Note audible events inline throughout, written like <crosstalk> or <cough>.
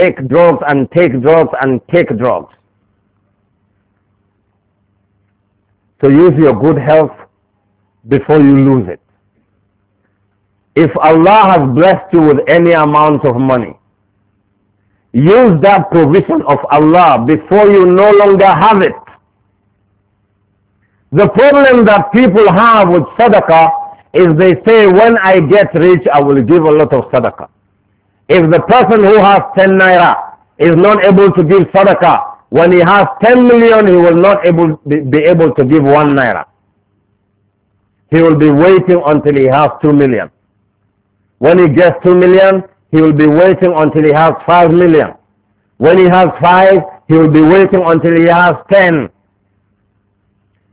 take drugs and take drugs and take drugs. To use your good health before you lose it. If Allah has blessed you with any amount of money, use that provision of Allah before you no longer have it. The problem that people have with sadaqah is they say, when I get rich, I will give a lot of sadaqah. If the person who has 10 naira is not able to give sadaqah, when he has 10 million, he will not able, be, be able to give 1 naira. He will be waiting until he has 2 million. When he gets 2 million, he will be waiting until he has 5 million. When he has 5, he will be waiting until he has 10.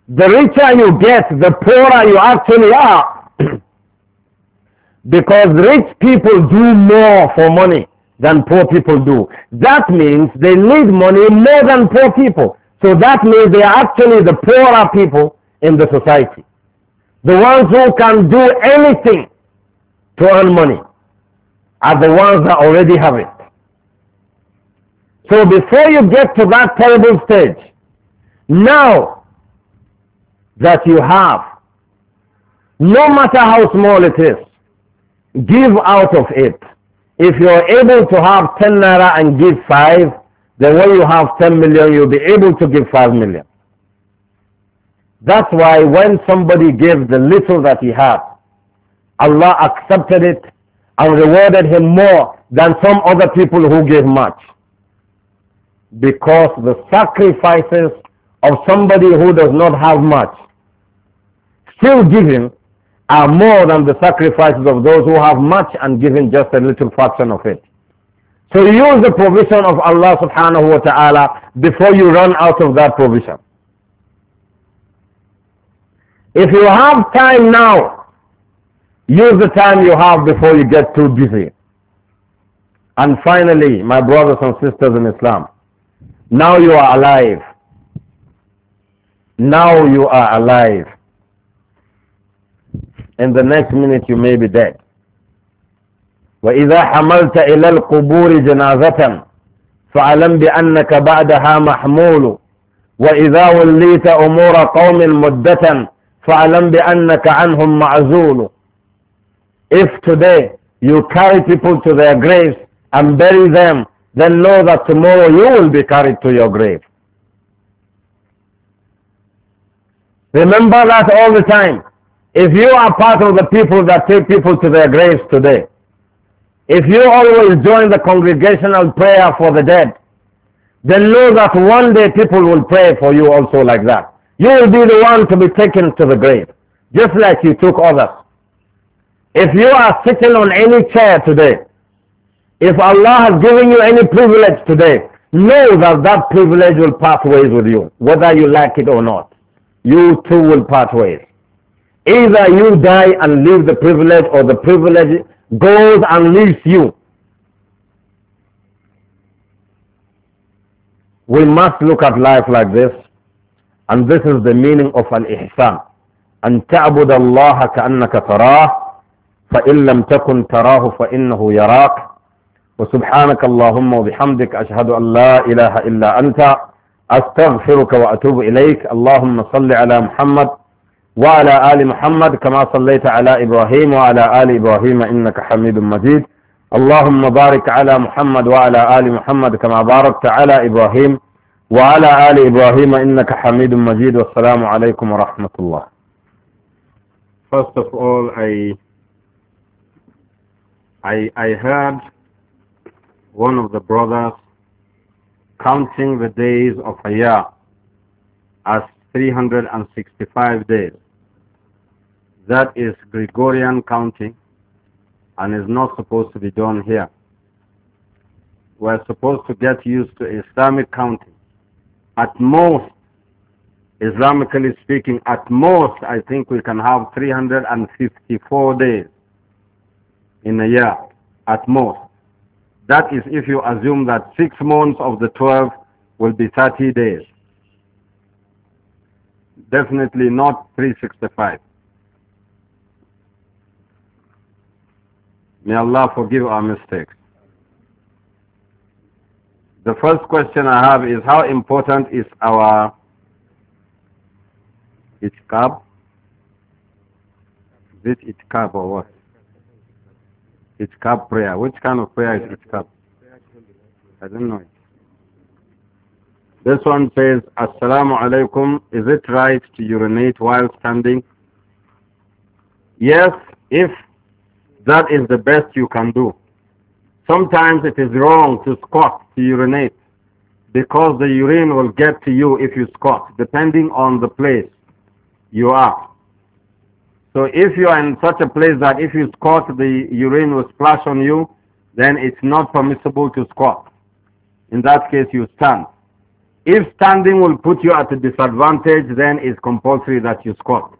The richer you get, the poorer you actually are. <clears throat> Because rich people do more for money than poor people do. That means they need money more than poor people. So that means they are actually the poorer people in the society. The ones who can do anything to earn money are the ones that already have it. So before you get to that terrible stage, now that you have, no matter how small it is, give out of it. If you're able to have 10 naira and give 5, then when you have 10 million, you'll be able to give 5 million. That's why when somebody gave the little that he had, Allah accepted it and rewarded him more than some other people who gave much. Because the sacrifices of somebody who does not have much, still giving, are more than the sacrifices of those who have much and given just a little fraction of it. So use the provision of Allah subhanahu wa ta'ala before you run out of that provision. If you have time now, use the time you have before you get too busy. And finally, my brothers and sisters in Islam, now you are alive. Now you are alive and the next minute you may be dead. وإذا حملت إلى القبور جنازة فاعلم بأنك بعدها محمول وإذا وليت أمور قوم مدة فاعلم بأنك عنهم معزول If today you carry people to their graves and bury them, then know that tomorrow you will be carried to your grave. Remember that all the time. If you are part of the people that take people to their graves today, if you always join the congregational prayer for the dead, then know that one day people will pray for you also like that. You will be the one to be taken to the grave, just like you took others. If you are sitting on any chair today, if Allah has given you any privilege today, know that that privilege will part ways with you, whether you like it or not. You too will part ways. Either you die and leave the privilege or the privilege goes and leaves you. We must look at life like this and this is the meaning of al-ihsan. أن تعبد الله كأنك تراه فإن لم تكن تراه فإنه يراك وسبحانك اللهم وبحمدك أشهد أن لا إله إلا أنت أستغفرك وأتوب إليك اللهم صل على محمد وعلى آل محمد كما صليت على إبراهيم وعلى آل إبراهيم إنك حميد مجيد اللهم بارك على محمد وعلى آل محمد كما باركت على إبراهيم وعلى آل إبراهيم إنك حميد مجيد والسلام عليكم ورحمة الله First of all, I, I, I heard one of the brothers counting the days of a year as 365 days. That is Gregorian counting and is not supposed to be done here. We're supposed to get used to Islamic counting. At most, Islamically speaking, at most, I think we can have 354 days in a year, at most. That is if you assume that six months of the 12 will be 30 days. Definitely not 365. May Allah forgive our mistakes. The first question I have is how important is our itkab? Is it itkab or what? Itkab prayer. Which kind of prayer is itkab? I don't know. This one says, Assalamu alaikum. Is it right to urinate while standing? Yes, if that is the best you can do. Sometimes it is wrong to squat, to urinate, because the urine will get to you if you squat, depending on the place you are. So if you are in such a place that if you squat, the urine will splash on you, then it's not permissible to squat. In that case, you stand. If standing will put you at a disadvantage, then it's compulsory that you squat.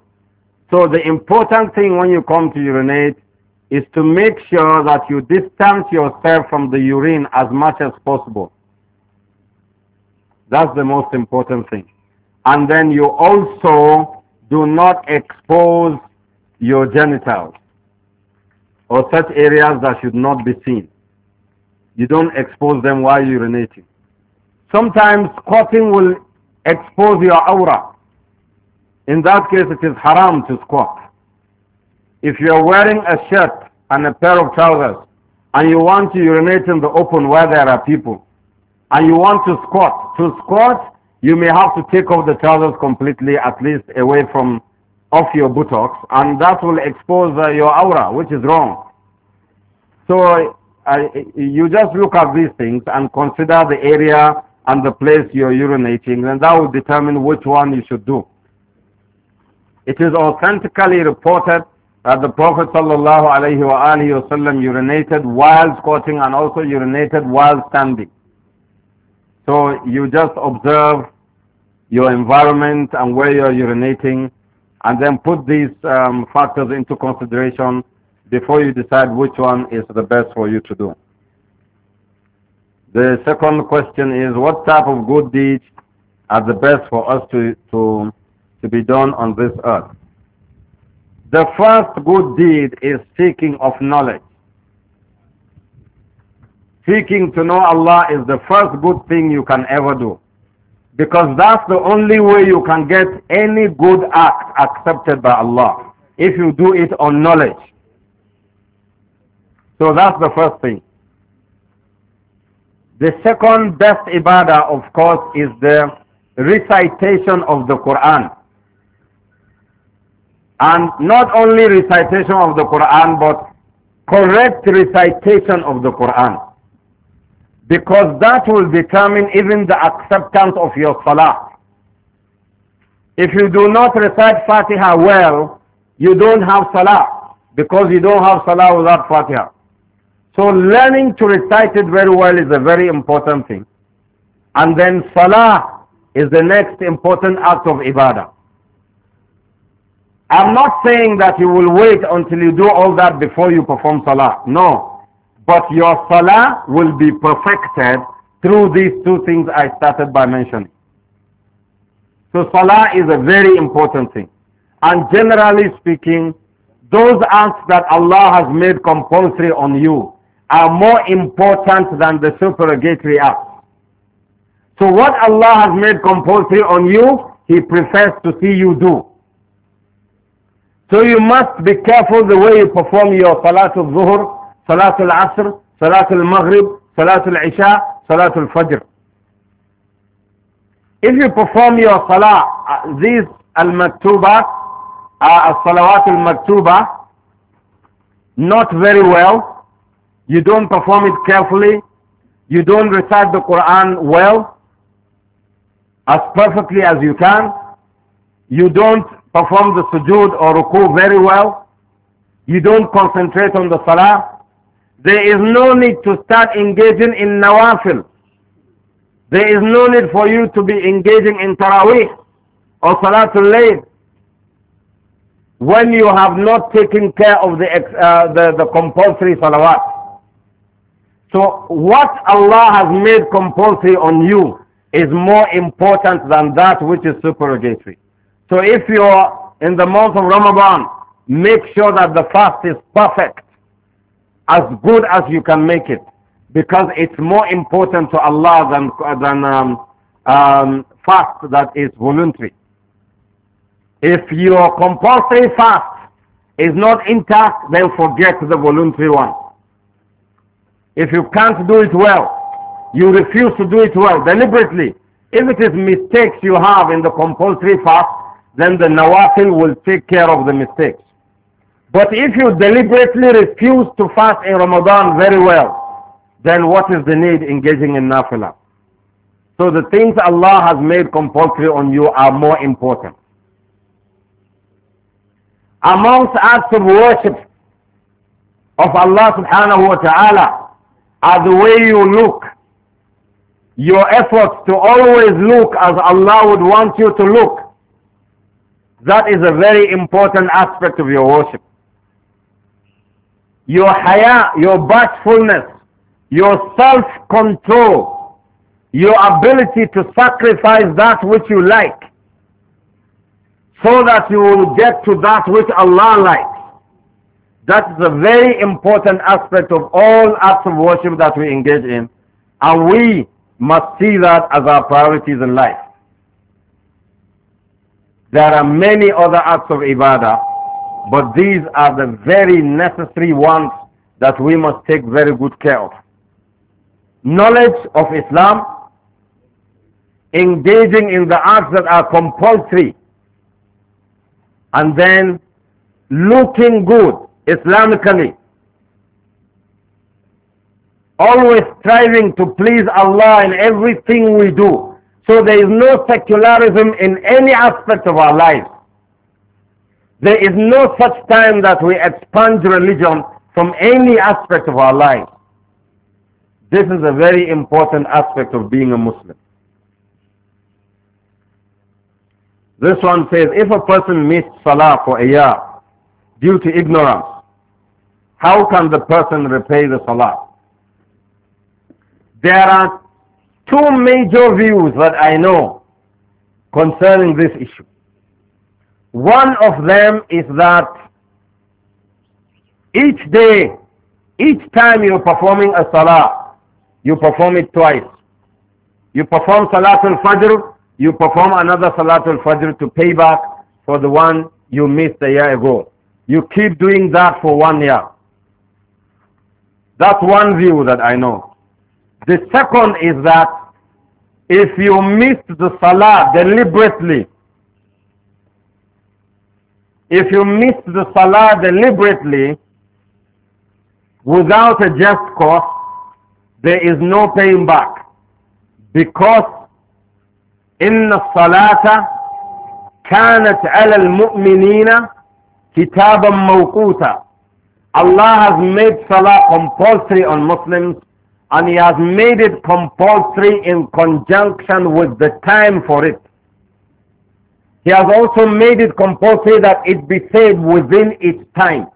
So the important thing when you come to urinate is to make sure that you distance yourself from the urine as much as possible. That's the most important thing. And then you also do not expose your genitals or such areas that should not be seen. You don't expose them while urinating. Sometimes squatting will expose your aura. In that case, it is haram to squat. If you are wearing a shirt and a pair of trousers and you want to urinate in the open where there are people and you want to squat, to squat, you may have to take off the trousers completely, at least away from off your buttocks, and that will expose uh, your aura, which is wrong. So uh, you just look at these things and consider the area and the place you're urinating, and that will determine which one you should do. It is authentically reported that the Prophet ﷺ urinated while squatting and also urinated while standing. So you just observe your environment and where you're urinating and then put these um, factors into consideration before you decide which one is the best for you to do. The second question is what type of good deeds are the best for us to, to, to be done on this earth? The first good deed is seeking of knowledge. Seeking to know Allah is the first good thing you can ever do. Because that's the only way you can get any good act accepted by Allah. If you do it on knowledge. So that's the first thing. The second best ibadah, of course, is the recitation of the Quran. And not only recitation of the Quran, but correct recitation of the Quran. Because that will determine even the acceptance of your salah. If you do not recite Fatiha well, you don't have salah. Because you don't have salah without Fatiha. So learning to recite it very well is a very important thing. And then salah is the next important act of ibadah. I'm not saying that you will wait until you do all that before you perform salah. No. But your salah will be perfected through these two things I started by mentioning. So salah is a very important thing. And generally speaking, those acts that Allah has made compulsory on you are more important than the supererogatory acts. So what Allah has made compulsory on you, He prefers to see you do. So you must be careful the way you perform your Salatul Zuhur, Salatul Asr, Salatul Maghrib, Salatul Isha, Salatul Fajr. If you perform your Salah, uh, these Al-Maktuba, uh, Al-Salawat Al-Maktuba, not very well, you don't perform it carefully, you don't recite the Quran well, as perfectly as you can, you don't perform the sujood or ruku very well. You don't concentrate on the salah. There is no need to start engaging in nawafil. There is no need for you to be engaging in taraweeh or salatul layl when you have not taken care of the, uh, the, the compulsory salawat. So what Allah has made compulsory on you is more important than that which is supererogatory. So if you're in the month of Ramadan, make sure that the fast is perfect, as good as you can make it, because it's more important to Allah than, than um, um, fast that is voluntary. If your compulsory fast is not intact, then forget the voluntary one. If you can't do it well, you refuse to do it well deliberately. If it is mistakes you have in the compulsory fast, then the nawafil will take care of the mistakes. But if you deliberately refuse to fast in Ramadan very well, then what is the need engaging in nafilah? So the things Allah has made compulsory on you are more important. Amongst acts of worship of Allah subhanahu wa ta'ala are the way you look. Your efforts to always look as Allah would want you to look. That is a very important aspect of your worship. Your haya, your bashfulness, your self-control, your ability to sacrifice that which you like so that you will get to that which Allah likes. That is a very important aspect of all acts of worship that we engage in. And we must see that as our priorities in life. There are many other acts of ibadah, but these are the very necessary ones that we must take very good care of. Knowledge of Islam, engaging in the acts that are compulsory, and then looking good Islamically. Always striving to please Allah in everything we do. So there is no secularism in any aspect of our life. There is no such time that we expunge religion from any aspect of our life. This is a very important aspect of being a Muslim. This one says, if a person missed Salah for a year due to ignorance, how can the person repay the Salah? There are two major views that I know concerning this issue. One of them is that each day, each time you're performing a salah, you perform it twice. You perform Salatul Fajr, you perform another Salatul Fajr to pay back for the one you missed a year ago. You keep doing that for one year. That's one view that I know. The second is that if you miss the salah deliberately, if you miss the salah deliberately without a just cause, there is no paying back because إن الصلاة كانت على المؤمنين كتابا موقوتا Allah has made salah compulsory on Muslims and he has made it compulsory in conjunction with the time for it. He has also made it compulsory that it be said within its time.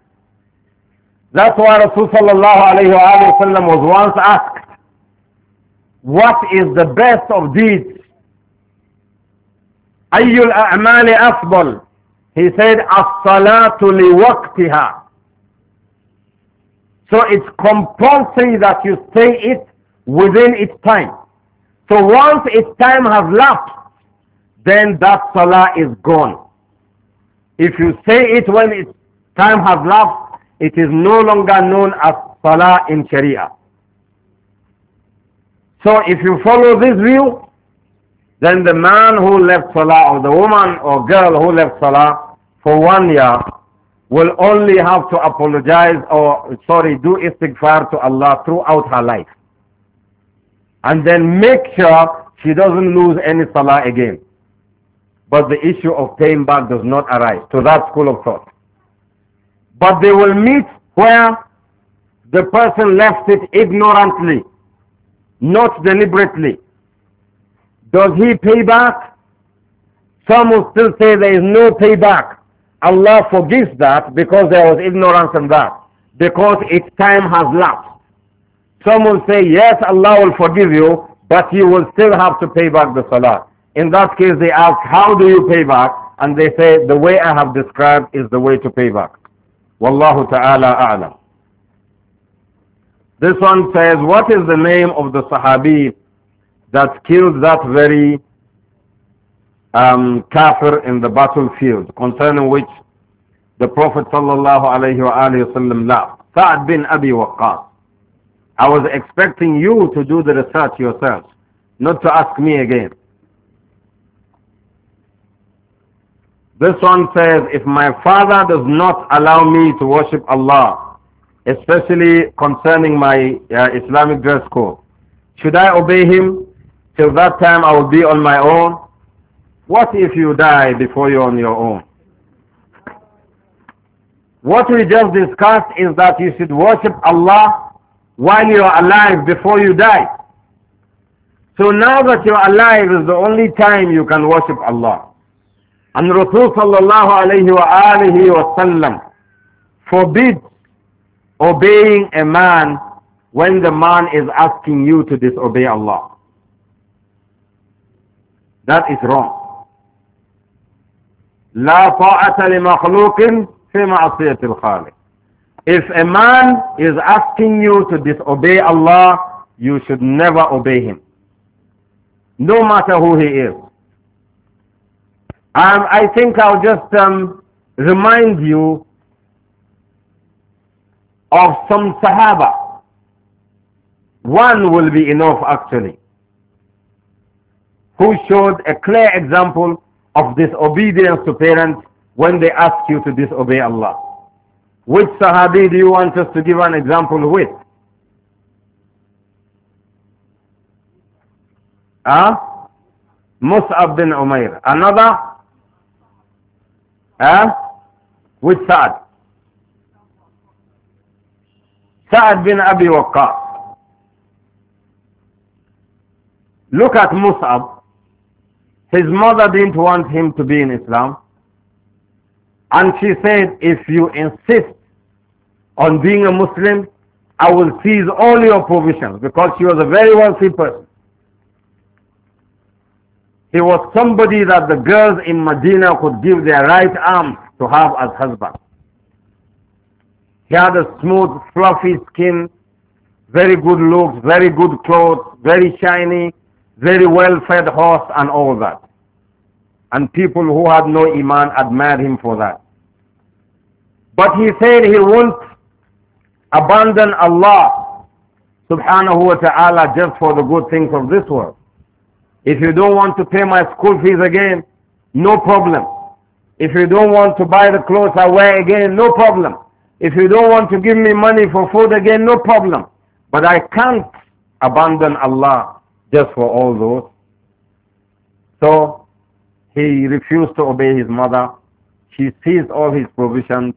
That's why Rasulullah was once asked, what is the best of deeds? أَيُّ amali asbal," He said, الصَّلَاةُ لِوَقْتِهَا so it's compulsory that you say it within its time. So once its time has lapsed, then that salah is gone. If you say it when its time has lapsed, it is no longer known as salah in Sharia. So if you follow this view, then the man who left salah or the woman or girl who left salah for one year will only have to apologize or, sorry, do istighfar to Allah throughout her life. And then make sure she doesn't lose any salah again. But the issue of paying back does not arise to that school of thought. But they will meet where the person left it ignorantly, not deliberately. Does he pay back? Some will still say there is no payback. Allah forgives that because there was ignorance in that, because its time has lapsed. Some will say, yes, Allah will forgive you, but you will still have to pay back the salah. In that case, they ask, how do you pay back? And they say, the way I have described is the way to pay back. Wallahu ta'ala a'lam. This one says, what is the name of the Sahabi that killed that very um, kafir in the battlefield concerning which the Prophet sallallahu alayhi wa laughed. Sa'ad bin Abi Waqqas. I was expecting you to do the research yourself, not to ask me again. This one says, if my father does not allow me to worship Allah, especially concerning my uh, Islamic dress code, should I obey him? Till that time I will be on my own. What if you die before you're on your own? What we just discussed is that you should worship Allah while you're alive before you die. So now that you're alive is the only time you can worship Allah. And Rasul sallallahu alayhi wa alihi wa sallam forbids obeying a man when the man is asking you to disobey Allah. That is wrong. لا طاعة لمخلوق في معصية الخالق. If a man is asking you to disobey Allah, you should never obey him. No matter who he is. Um, I think I'll just um, remind you of some Sahaba. One will be enough actually. Who showed a clear example of disobedience to parents when they ask you to disobey Allah. Which Sahabi do you want us to give an example with? Ah, huh? Mus'ab bin Umair. Another? Ah, huh? Which Sa'ad? Sa'ad bin Abi Waqqas. Look at Mus'ab. His mother didn't want him to be in Islam. And she said, if you insist on being a Muslim, I will seize all your provisions because she was a very wealthy person. He was somebody that the girls in Medina could give their right arm to have as husband. He had a smooth, fluffy skin, very good looks, very good clothes, very shiny, very well-fed horse and all that. And people who had no iman admired him for that. But he said he won't abandon Allah subhanahu wa ta'ala just for the good things of this world. If you don't want to pay my school fees again, no problem. If you don't want to buy the clothes I wear again, no problem. If you don't want to give me money for food again, no problem. But I can't abandon Allah just for all those. So he refused to obey his mother. She seized all his provisions.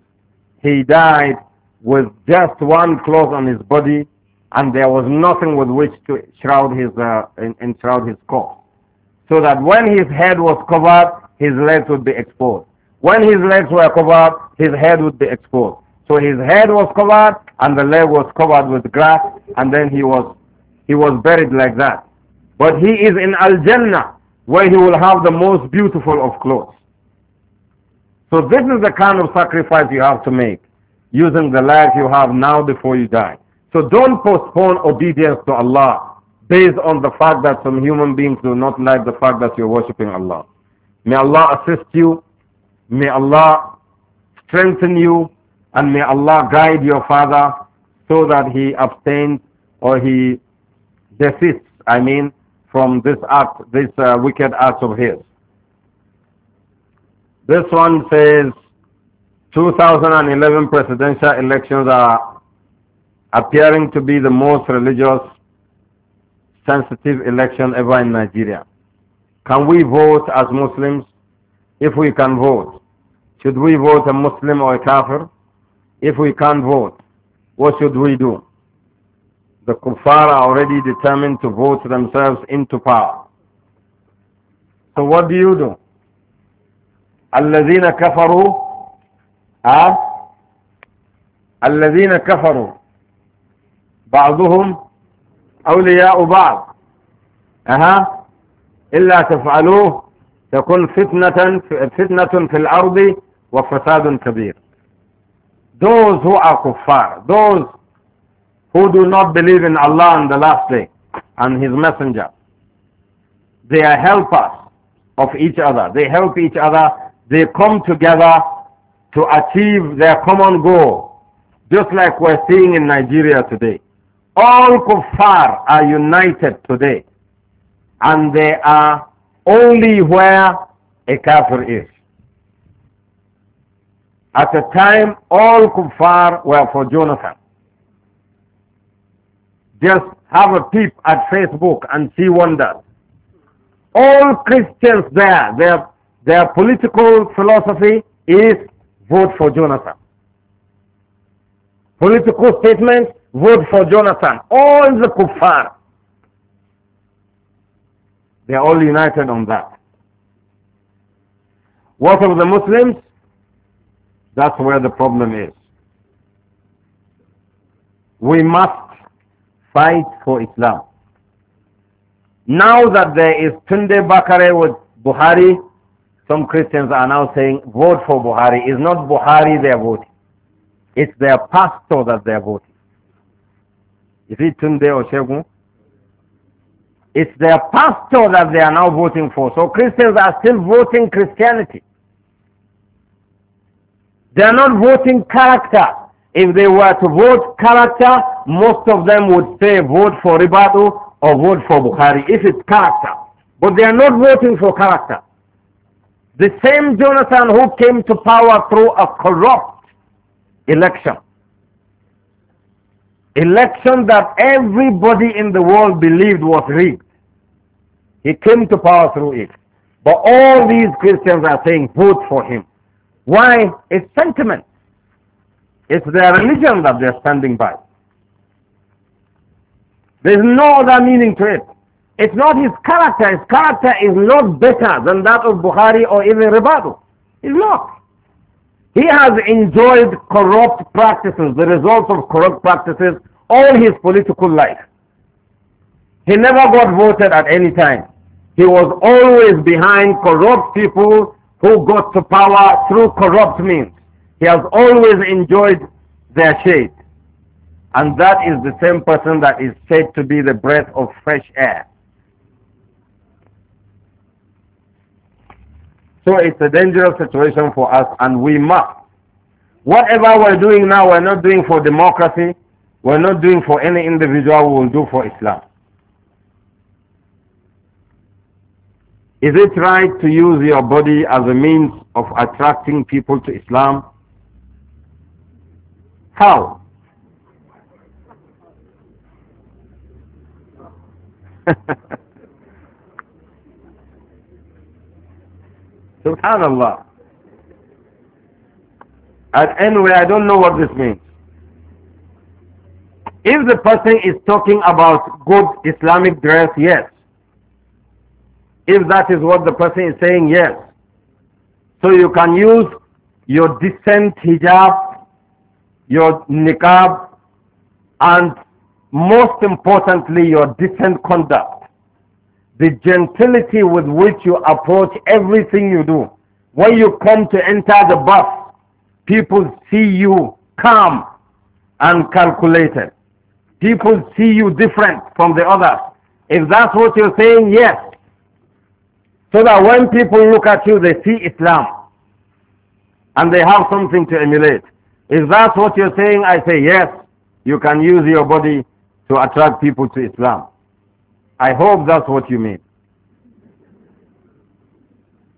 He died with just one cloth on his body, and there was nothing with which to shroud his, uh, enshroud his corpse. So that when his head was covered, his legs would be exposed. When his legs were covered, his head would be exposed. So his head was covered, and the leg was covered with grass, and then he was, he was buried like that. But he is in Al-Jannah where he will have the most beautiful of clothes. So this is the kind of sacrifice you have to make using the life you have now before you die. So don't postpone obedience to Allah based on the fact that some human beings do not like the fact that you're worshipping Allah. May Allah assist you. May Allah strengthen you. And may Allah guide your father so that he abstains or he desists, I mean, from this act, this uh, wicked act of his. This one says 2011 presidential elections are appearing to be the most religious sensitive election ever in Nigeria. Can we vote as Muslims? If we can vote, should we vote a Muslim or a Kafir? If we can't vote, what should we do? the kuffar are already determined to vote themselves into power. So what do you do? الذين كفروا أه؟ الذين كفروا بعضهم أولياء بعض أها إلا تفعلوه تكون فتنة فتنة في الأرض وفساد كبير those who are kuffar those who do not believe in Allah and the last day and His Messenger. They are helpers of each other. They help each other. They come together to achieve their common goal, just like we're seeing in Nigeria today. All kuffar are united today, and they are only where a kafir is. At the time, all kuffar were for Jonathan. Just have a peep at Facebook and see wonders. All Christians there, their, their political philosophy is vote for Jonathan. Political statement, vote for Jonathan. All the kuffar. They are all united on that. What of the Muslims? That's where the problem is. We must fight for Islam. Now that there is Tunde Bakare with Buhari, some Christians are now saying, vote for Buhari. It's not Buhari they are voting. It's their pastor that they are voting. Is it Tunde or Shegun? It's their pastor that they are now voting for. So Christians are still voting Christianity. They are not voting character. If they were to vote character, most of them would say vote for Ribadu or vote for Bukhari if it's character. But they are not voting for character. The same Jonathan who came to power through a corrupt election. Election that everybody in the world believed was rigged. He came to power through it. But all these Christians are saying vote for him. Why? It's sentiment. It's their religion that they're standing by. There's no other meaning to it. It's not his character. His character is not better than that of Bukhari or even Ribadu. It's not. He has enjoyed corrupt practices, the results of corrupt practices, all his political life. He never got voted at any time. He was always behind corrupt people who got to power through corrupt means. He has always enjoyed their shade. And that is the same person that is said to be the breath of fresh air. So it's a dangerous situation for us and we must. Whatever we're doing now, we're not doing for democracy, we're not doing for any individual, we will do for Islam. Is it right to use your body as a means of attracting people to Islam? How? <laughs> Subhanallah. And anyway, I don't know what this means. If the person is talking about good Islamic dress, yes. If that is what the person is saying, yes. So you can use your decent hijab, your niqab, and most importantly, your decent conduct, the gentility with which you approach everything you do. When you come to enter the bus, people see you calm and calculated. People see you different from the others. If that's what you're saying, yes. So that when people look at you, they see Islam and they have something to emulate. If that's what you're saying, I say yes. You can use your body to attract people to Islam. I hope that's what you mean.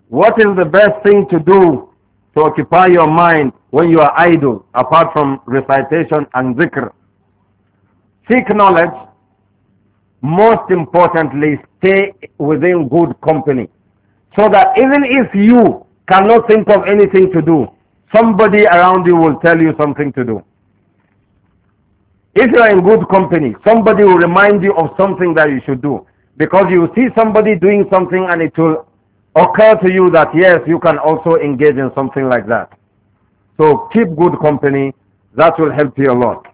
What is the best thing to do to occupy your mind when you are idle, apart from recitation and zikr? Seek knowledge. Most importantly, stay within good company. So that even if you cannot think of anything to do, somebody around you will tell you something to do. If you are in good company, somebody will remind you of something that you should do. Because you see somebody doing something and it will occur to you that yes, you can also engage in something like that. So keep good company. That will help you a lot.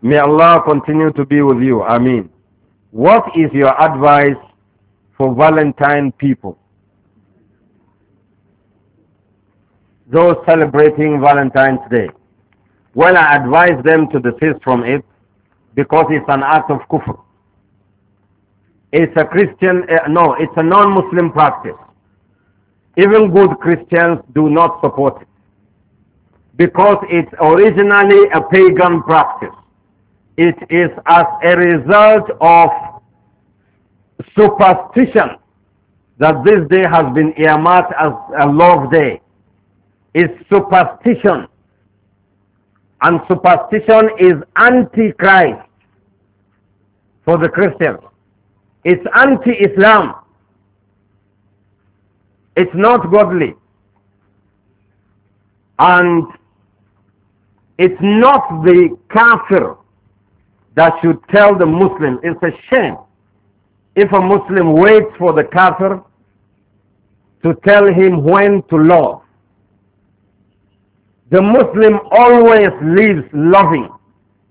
May Allah continue to be with you. Ameen. What is your advice for Valentine people? Those celebrating Valentine's Day. Well, I advise them to desist from it because it's an act of kufr. It's a Christian, uh, no, it's a non-Muslim practice. Even good Christians do not support it because it's originally a pagan practice. It is as a result of superstition that this day has been earmarked as a love day. It's superstition and superstition is anti-Christ for the Christians. It's anti-Islam. It's not godly. And it's not the kafir that should tell the Muslim. It's a shame if a Muslim waits for the kafir to tell him when to love. The Muslim always lives loving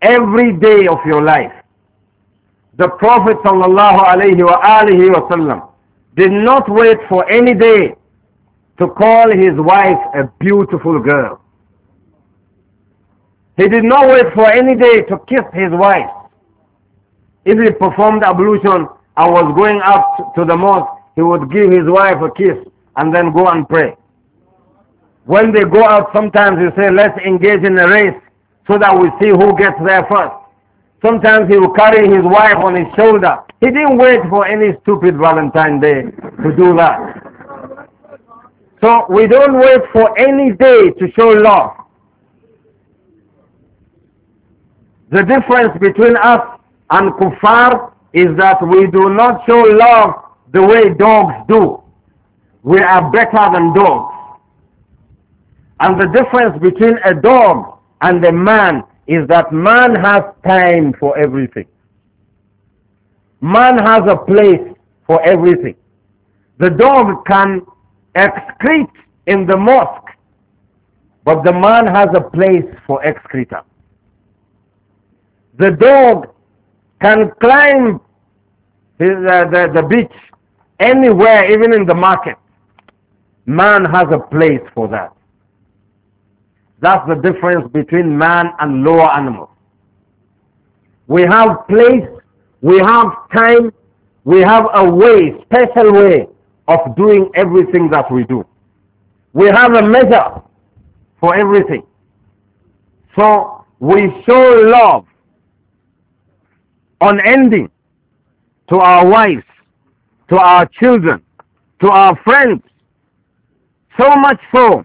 every day of your life. The Prophet ﷺ did not wait for any day to call his wife a beautiful girl. He did not wait for any day to kiss his wife. If he performed ablution and was going up to the mosque, he would give his wife a kiss and then go and pray. When they go out, sometimes they say, let's engage in a race so that we see who gets there first. Sometimes he will carry his wife on his shoulder. He didn't wait for any stupid Valentine Day to do that. So we don't wait for any day to show love. The difference between us and kuffar is that we do not show love the way dogs do. We are better than dogs. And the difference between a dog and a man is that man has time for everything. Man has a place for everything. The dog can excrete in the mosque, but the man has a place for excreta. The dog can climb the, the, the beach anywhere, even in the market. Man has a place for that. That's the difference between man and lower animals. We have place, we have time, we have a way, special way of doing everything that we do. We have a measure for everything. So we show love unending to our wives, to our children, to our friends. So much so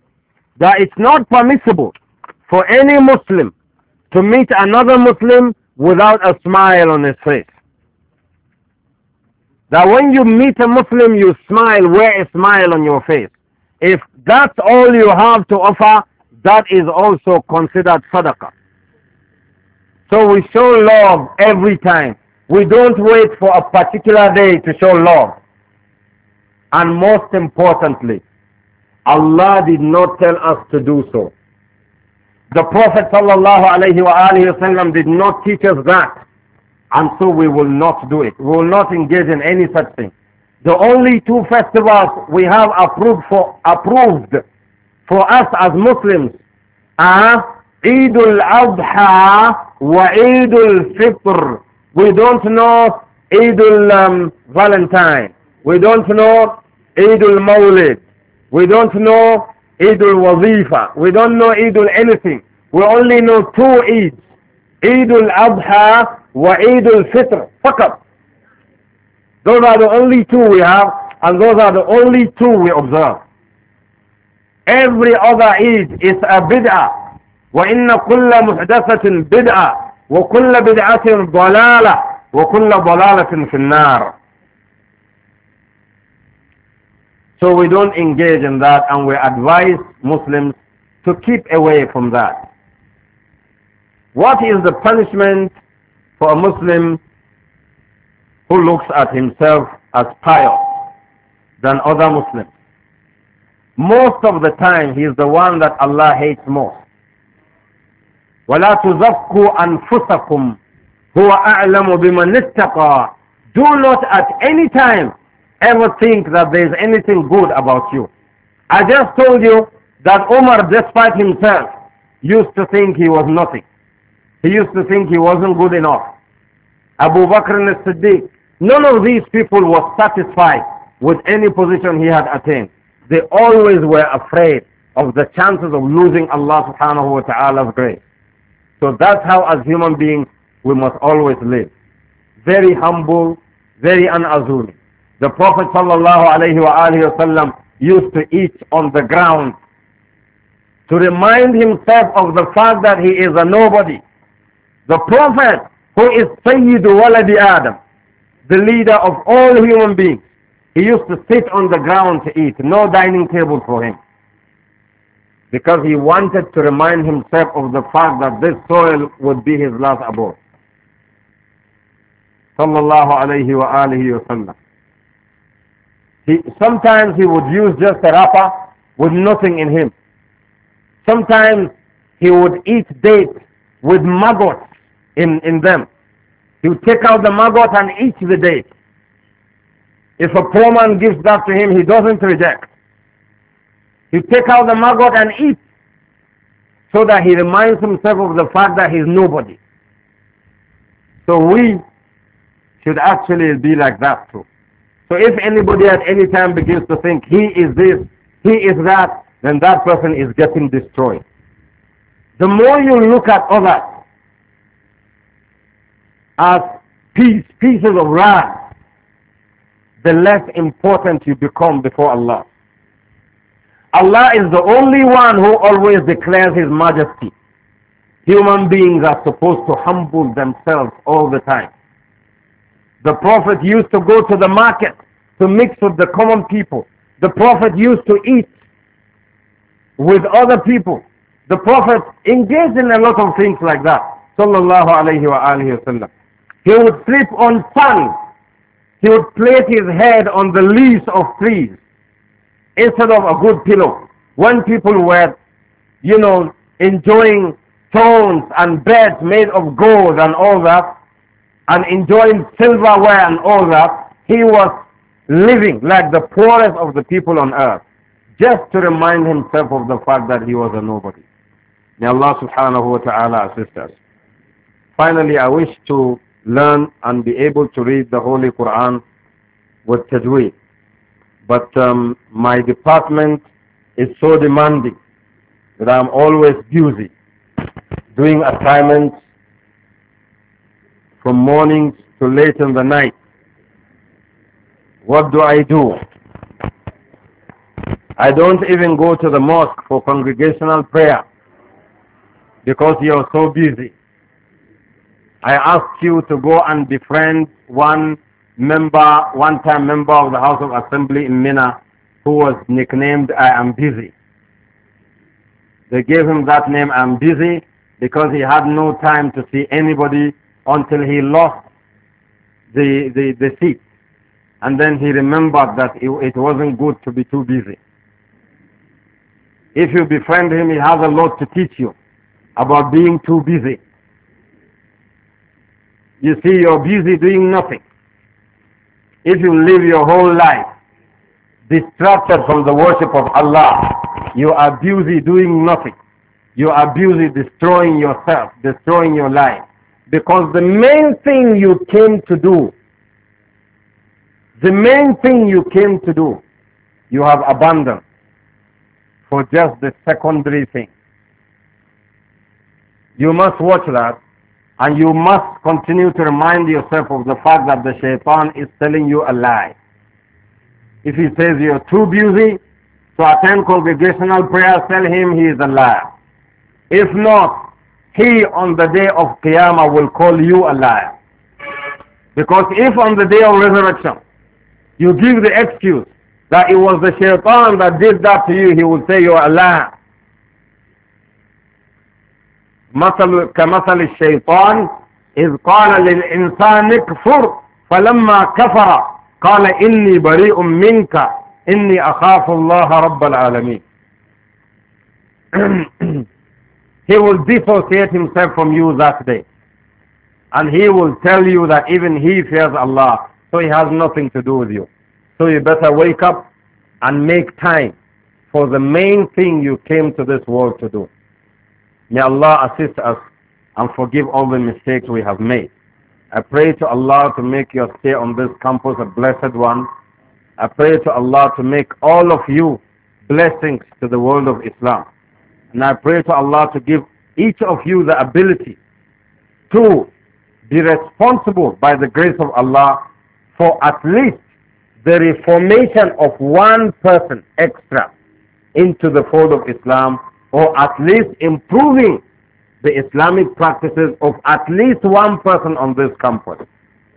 that it's not permissible for any Muslim to meet another Muslim without a smile on his face. That when you meet a Muslim, you smile, wear a smile on your face. If that's all you have to offer, that is also considered sadaqah. So we show love every time. We don't wait for a particular day to show love. And most importantly, Allah did not tell us to do so. The Prophet wasallam did not teach us that. And so we will not do it. We will not engage in any such thing. The only two festivals we have approved for, approved for us as Muslims are Eid al-Adha wa Eid al-Fitr. We don't know Eid al-Valentine. Um, we don't know Eid al-Mawlid. We don't know Eid al-Wazifa. We don't know Eid al-anything. We only know two Eids. Eid al-Adha wa Eid al-Fitr. Fakat. Those are the only two we have and those are the only two we observe. Every other Eid is a bid'ah. وَإِنَّ كُلَّ مُحْدَثَةٍ بِدْعَةٍ وَكُلَّ بِدْعَةٍ ضَلَالَةٍ وَكُلَّ ضَلَالَةٍ فِي النَّارِ So we don't engage in that and we advise Muslims to keep away from that. What is the punishment for a Muslim who looks at himself as pious than other Muslims? Most of the time he is the one that Allah hates most. وَلَا تُزَكُّوا أَنفُسَكُمْ هُوَ أَعْلَمُ بِمَنِ اتَّقَى Do not at any time ever think that there is anything good about you. I just told you that Omar, despite himself, used to think he was nothing. He used to think he wasn't good enough. Abu Bakr as-Siddiq, none of these people was satisfied with any position he had attained. They always were afraid of the chances of losing Allah subhanahu wa ta'ala's grace. So that's how as human beings we must always live. Very humble, very unassuming. The Prophet ﷺ used to eat on the ground to remind himself of the fact that he is a nobody. The Prophet who is Sayyidu Waladi Adam, the leader of all human beings, he used to sit on the ground to eat, no dining table for him. Because he wanted to remind himself of the fact that this soil would be his last abode. Sallallahu alayhi wa alihi wa sallam. He, sometimes he would use just a wrapper with nothing in him. Sometimes he would eat dates with maggots in, in them. He would take out the maggot and eat the date. If a poor man gives that to him, he doesn't reject. He take out the maggot and eat so that he reminds himself of the fact that he's nobody. So we should actually be like that too. So if anybody at any time begins to think he is this, he is that, then that person is getting destroyed. The more you look at others as piece, pieces of rag, the less important you become before Allah. Allah is the only one who always declares His majesty. Human beings are supposed to humble themselves all the time. The Prophet used to go to the market to mix with the common people. The Prophet used to eat with other people. The Prophet engaged in a lot of things like that. Sallallahu alayhi wa alayhi wa He would sleep on sand. He would place his head on the leaves of trees instead of a good pillow. When people were, you know, enjoying thrones and beds made of gold and all that, and enjoying silverware and all that, he was living like the poorest of the people on earth, just to remind himself of the fact that he was a nobody. May Allah subhanahu wa ta'ala assist us. Finally, I wish to learn and be able to read the Holy Quran with tajweed. But um, my department is so demanding that I'm always busy doing assignments from morning to late in the night. What do I do? I don't even go to the mosque for congregational prayer because you're so busy. I ask you to go and befriend one member, one-time member of the House of Assembly in Mina who was nicknamed I am busy. They gave him that name, I'm busy, because he had no time to see anybody until he lost the, the, the seat. And then he remembered that it, it wasn't good to be too busy. If you befriend him, he has a lot to teach you about being too busy. You see, you're busy doing nothing. If you live your whole life distracted from the worship of Allah, you are busy doing nothing. You are busy destroying yourself, destroying your life. Because the main thing you came to do, the main thing you came to do, you have abandoned for just the secondary thing. You must watch that and you must continue to remind yourself of the fact that the shaitan is telling you a lie. If he says you're too busy to attend congregational prayer. tell him he is a liar. If not, he on the day of Qiyamah will call you a liar. Because if on the day of resurrection you give the excuse that it was the shaitan that did that to you, he will say you are a liar. مثل كمثل الشيطان إذ قال للإنسان اكفر فلما كفر قال إني بريء منك إني أخاف الله رب العالمين he will dissociate himself from you that day. And he will tell you that even he fears Allah. So he has nothing to do with you. So you better wake up and make time for the main thing you came to this world to do. May Allah assist us and forgive all the mistakes we have made. I pray to Allah to make your stay on this campus a blessed one. I pray to Allah to make all of you blessings to the world of Islam. And I pray to Allah to give each of you the ability to be responsible by the grace of Allah for at least the reformation of one person extra into the fold of Islam or at least improving the Islamic practices of at least one person on this campus.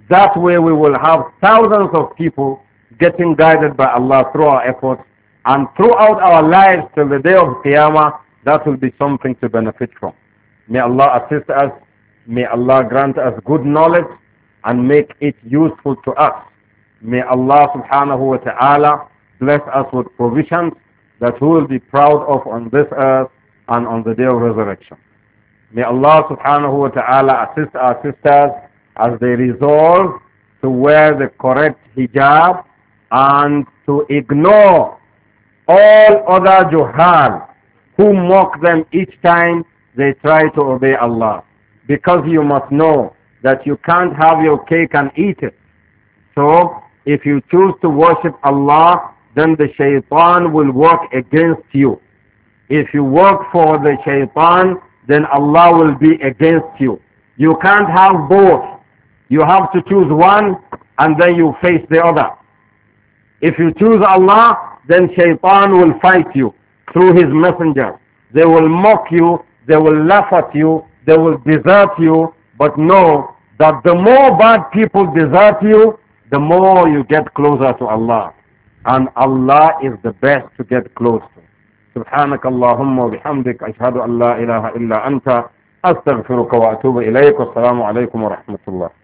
That way we will have thousands of people getting guided by Allah through our efforts and throughout our lives till the day of Qiyamah that will be something to benefit from. May Allah assist us. May Allah grant us good knowledge and make it useful to us. May Allah subhanahu wa ta'ala bless us with provisions that we will be proud of on this earth and on the day of resurrection. May Allah subhanahu wa ta'ala assist our sisters as they resolve to wear the correct hijab and to ignore all other juhal who mock them each time they try to obey Allah. Because you must know that you can't have your cake and eat it. So if you choose to worship Allah, then the shaitan will work against you. If you work for the shaitan, then Allah will be against you. You can't have both. You have to choose one and then you face the other. If you choose Allah, then shaitan will fight you through his messenger. They will mock you, they will laugh at you, they will desert you, but know that the more bad people desert you, the more you get closer to Allah. And Allah is the best to get close to. سبحانك اللهم وبحمدك أشهد أن لا إله إلا أنت أستغفرك وأتوب إليك والسلام عليكم ورحمة الله